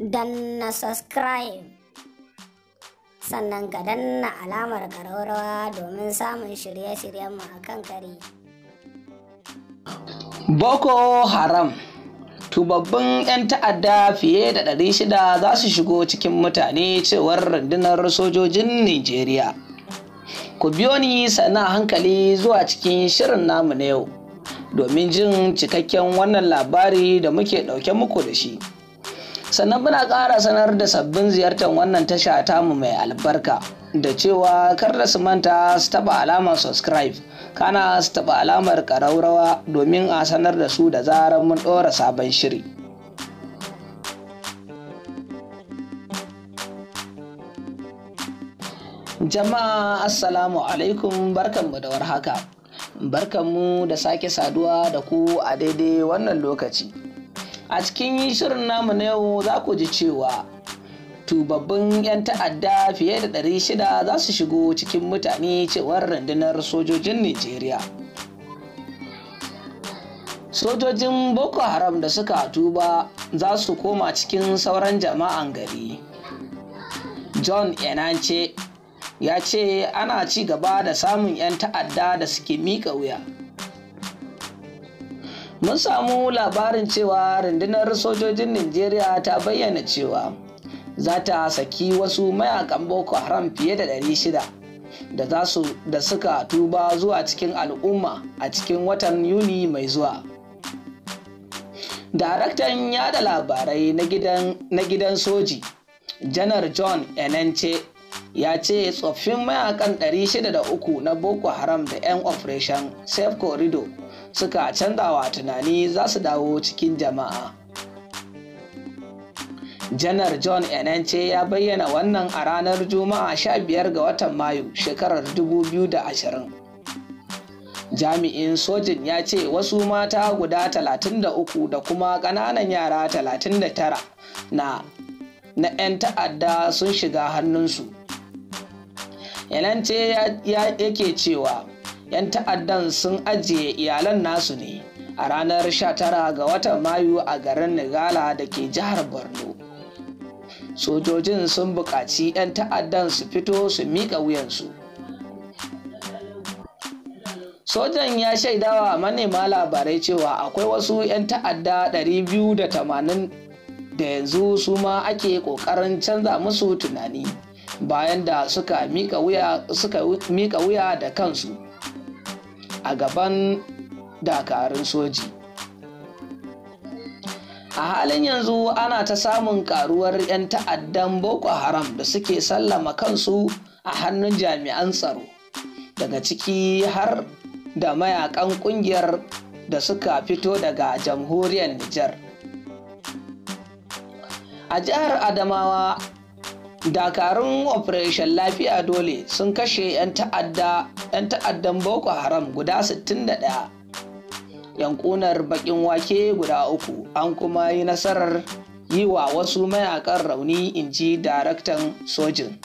na subscribe sannan ka danna alamar ƙararrawa domin samun shirye-shiryenmu a kan kare. Boko Haram tubabbin 'yan ta'adda fiye da 600 za su shigo cikin mutane cewar rundunar sojojin Nijeriya. Ku biyo ni sana hankali zuwa cikin shirin namu na yau domin jin cikakken wannan labari da muke ɗauke muku da shi. sannan muna ƙara sanar da sabbin ziyartar wannan tasha tamu mai albarka da cewa kar da su manta su taba alamar subscribe kana su taba alamar ƙaraurawa domin a sanar da su da zarar mun ɗora sabon shiri jama'a assalamu alaikum barkanmu da warhaka barkanmu da sake saduwa da ku a daidai wannan lokaci a cikin shirin namu na yau za ku ji cewa tubabbin 'yan ta'adda fiye da 600 za su shigo cikin mutane cewar rundunar sojojin Nijeriya. Sojojin Boko Haram da suka tuba za su koma cikin sauran jama'an gari. John Enanche ya ce ana ci gaba da samun 'yan ta'adda da suke miƙa wuya mun samu labarin cewa rundunar sojojin Najeriya ta bayyana cewa za ta saki wasu mayakan Boko Haram fiye da 600 da za da suka tuba zuwa cikin al'umma a cikin watan Yuni mai zuwa. Daraktan yada labarai na gidan soji, Janar John Enenche ya ce tsoffin mayakan 603 na Boko Haram da 'yan Operation Safe Corridor suka canzawa tunani za su dawo cikin jama'a janar john enance ya bayyana wannan a ranar juma'a 15 ga watan mayu shekarar 2020 jami'in sojin ya ce wasu mata guda 33 da kuma ƙananan yara 39 na na 'yan ta'adda sun shiga hannunsu yanance yake cewa 'yan ta'addan sun ajiye iyalan nasu ne a ranar 19 ga watan mayu a garin nigala da ke jihar borno sojojin sun buƙaci 'yan ta'addan su fito su miƙa wuyansu sojan ya shaidawa manema labarai cewa akwai wasu 'yan ta'adda 280 da yanzu su ma ake ƙoƙarin canza musu tunani bayan da suka miƙa wuya da kansu a gaban dakarun soji a halin yanzu ana ta samun karuwar 'yan ta'addan boko haram da suke sallama kansu a hannun jami'an tsaro daga ciki har da mayakan kungiyar da suka fito daga jamhuriyar Nijar. A jihar Adamawa dakarun operation lafiya dole sun kashe 'yan ta'addan boko haram guda 61 yankunar bakin wake guda uku an kuma yi nasarar yi wa wasu mayakan rauni in ji daraktan sojin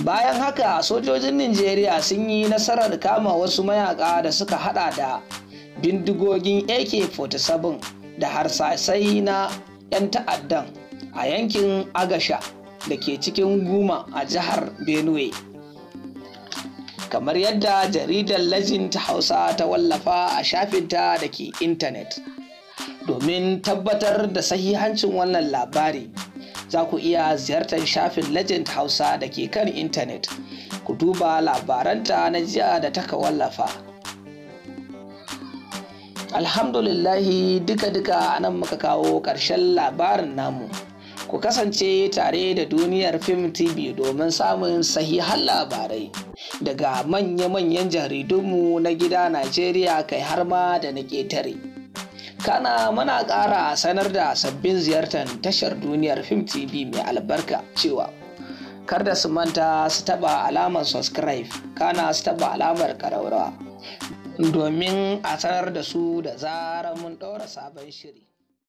bayan haka sojojin nigeria sun yi nasarar kama wasu mayaka da suka hada da bindigogin ak-47 da harsasai na 'yan ta'addan a yankin agasha da ke cikin guma a jihar benue kamar yadda jaridar lajin hausa ta wallafa a shafinta da ke intanet domin tabbatar da sahihancin wannan labari za ku iya ziyartar shafin legend hausa da ke kan intanet ku duba labaranta na jiya da taka wallafa alhamdulillahi duka-duka anan muka kawo ƙarshen labarin namu Ku kasance tare da duniyar fim TV domin samun sahihan labarai daga manya-manyan jaridunmu na gida Najeriya kai har ma da na ketare Kana muna ƙara sanar da sabbin ziyartar tashar duniyar fim TV mai albarka cewa kar da su manta su taba alamar subscribe kana su taba alamar karaurawa domin a sanar da su da zarar mun ɗaura sabon shiri.